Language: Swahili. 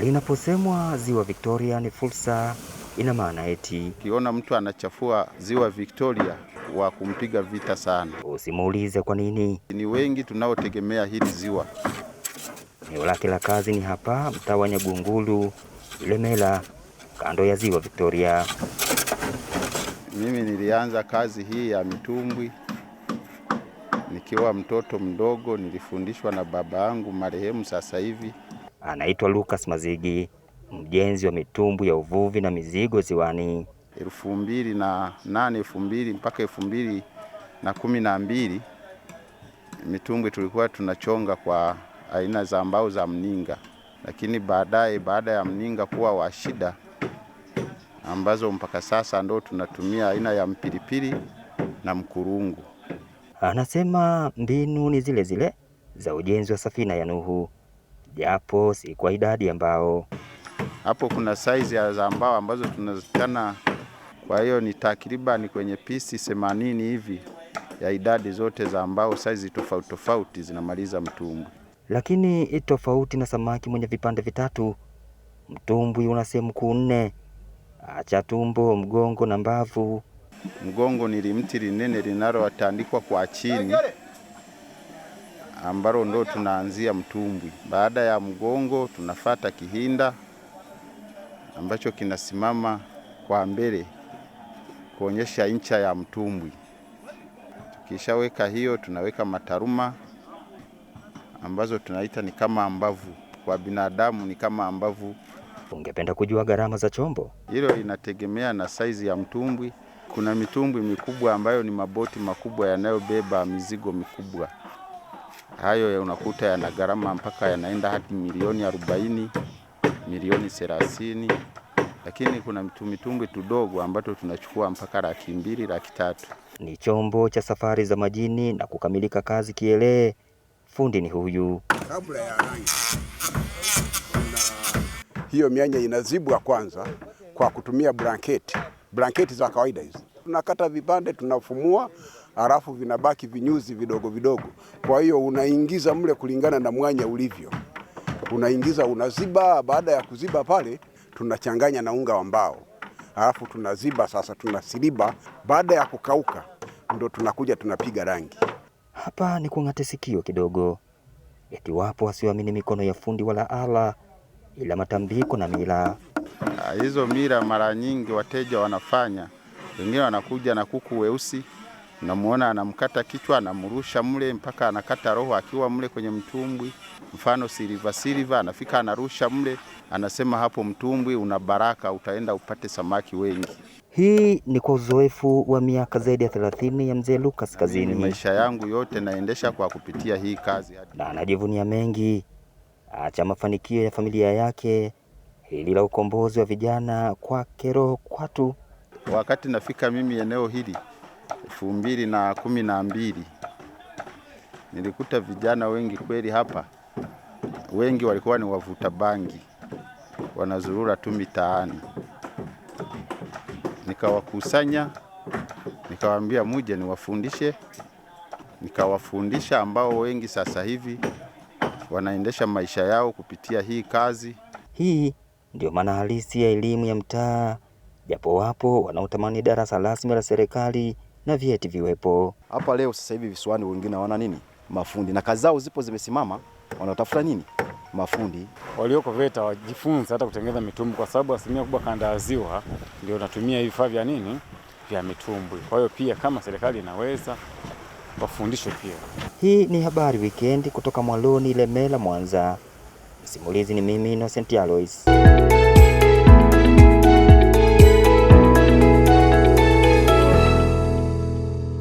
Linaposemwa ziwa Victoria ni fursa, ina maana eti ukiona mtu anachafua ziwa Victoria wa kumpiga vita sana, usimuulize kwa nini. Ni wengi tunaotegemea hili ziwa. Eneo lake la kazi ni hapa mtaa wa Nyagungulu, Ilemela, kando ya ziwa Victoria. Mimi nilianza kazi hii ya mitumbwi nikiwa mtoto mdogo, nilifundishwa na baba yangu marehemu sasa hivi Anaitwa Lucas Mazigi, mjenzi wa mitumbwi ya uvuvi na mizigo ziwani. elfu mbili na nane elfu mbili mpaka elfu mbili na kumi na mbili mitumbwi tulikuwa tunachonga kwa aina za mbao za mninga, lakini baadaye baada ya mninga kuwa wa shida ambazo mpaka sasa ndo tunatumia aina ya mpilipili na mkurungu. Anasema mbinu ni zile zile za ujenzi wa safina ya Nuhu japo si kwa idadi ambao hapo kuna saizi za mbao ambazo tunazitana, Kwa hiyo ni takriban kwenye pisi 80 hivi ya idadi zote za mbao, saizi tofauti tofauti zinamaliza mtumbwi. Lakini tofauti na samaki mwenye vipande vitatu, mtumbwi una sehemu kuu nne, acha tumbo, mgongo na mbavu. Mgongo ni limti linene linalotandikwa kwa chini ambalo ndo tunaanzia mtumbwi. Baada ya mgongo, tunafata kihinda ambacho kinasimama kwa mbele kuonyesha ncha ya mtumbwi. Tukishaweka hiyo, tunaweka mataruma ambazo tunaita ni kama ambavu kwa binadamu ni kama ambavu Ungependa kujua gharama za chombo hilo? Inategemea na saizi ya mtumbwi. Kuna mitumbwi mikubwa ambayo ni maboti makubwa yanayobeba mizigo mikubwa hayo ya unakuta yana gharama mpaka yanaenda hadi milioni arobaini, milioni thelathini, lakini kuna mitumbwitumbwi tudogo ambacho tunachukua mpaka laki mbili, laki tatu. Ni chombo cha safari za majini na kukamilika kazi Kielee. Fundi ni huyu. Kabla ya rangi, hiyo mianya inazibwa kwanza kwa kutumia blanketi, blanketi za kawaida hizi, tunakata vipande, tunafumua halafu vinabaki vinyuzi vidogo vidogo. Kwa hiyo unaingiza mle kulingana na mwanya ulivyo, unaingiza unaziba. Baada ya kuziba pale, tunachanganya na unga wa mbao, halafu tunaziba sasa, tunasiliba. Baada ya kukauka, ndo tunakuja tunapiga rangi. Hapa ni kung'ate sikio kidogo, eti wapo wasioamini mikono ya fundi wala ala, ila matambiko na mila ah, hizo. Mila mara nyingi wateja wanafanya, wengine wanakuja na kuku weusi Unamuona anamkata kichwa, anamrusha mle mpaka anakata roho akiwa mle kwenye mtumbwi. Mfano Silva Silva anafika anarusha mle, anasema hapo mtumbwi una baraka, utaenda upate samaki wengi. Hii ni kwa uzoefu wa miaka zaidi ya 30 ya mzee Lucas kazini. Maisha yangu yote naendesha kwa kupitia hii kazi, na anajivunia mengi acha mafanikio ya familia yake, hili la ukombozi wa vijana kwake roho kwatu. Wakati nafika mimi eneo hili elfu mbili na kumi na mbili nilikuta vijana wengi kweli hapa, wengi walikuwa ni wavuta bangi, wanazurura tu mitaani. Nikawakusanya, nikawaambia muje niwafundishe, nikawafundisha ambao wengi sasa hivi wanaendesha maisha yao kupitia hii kazi. Hii ndio maana halisi ya elimu ya mtaa, japo wapo wanaotamani darasa rasmi la serikali na vyeti viwepo. Hapa leo sasa hivi visiwani wengine wana nini, mafundi na kazi zao zipo zimesimama, wanatafuta nini mafundi walioko VETA wajifunze hata kutengeneza mitumbwi, kwa sababu asilimia kubwa kanda ya ziwa ndio natumia hivi vifaa vya nini vya mitumbwi. Kwa hiyo pia kama serikali inaweza wafundishwe pia. Hii ni habari wikendi kutoka Mwaloni, Lemela, Mwanza. Msimulizi ni mimi Innocent Alois.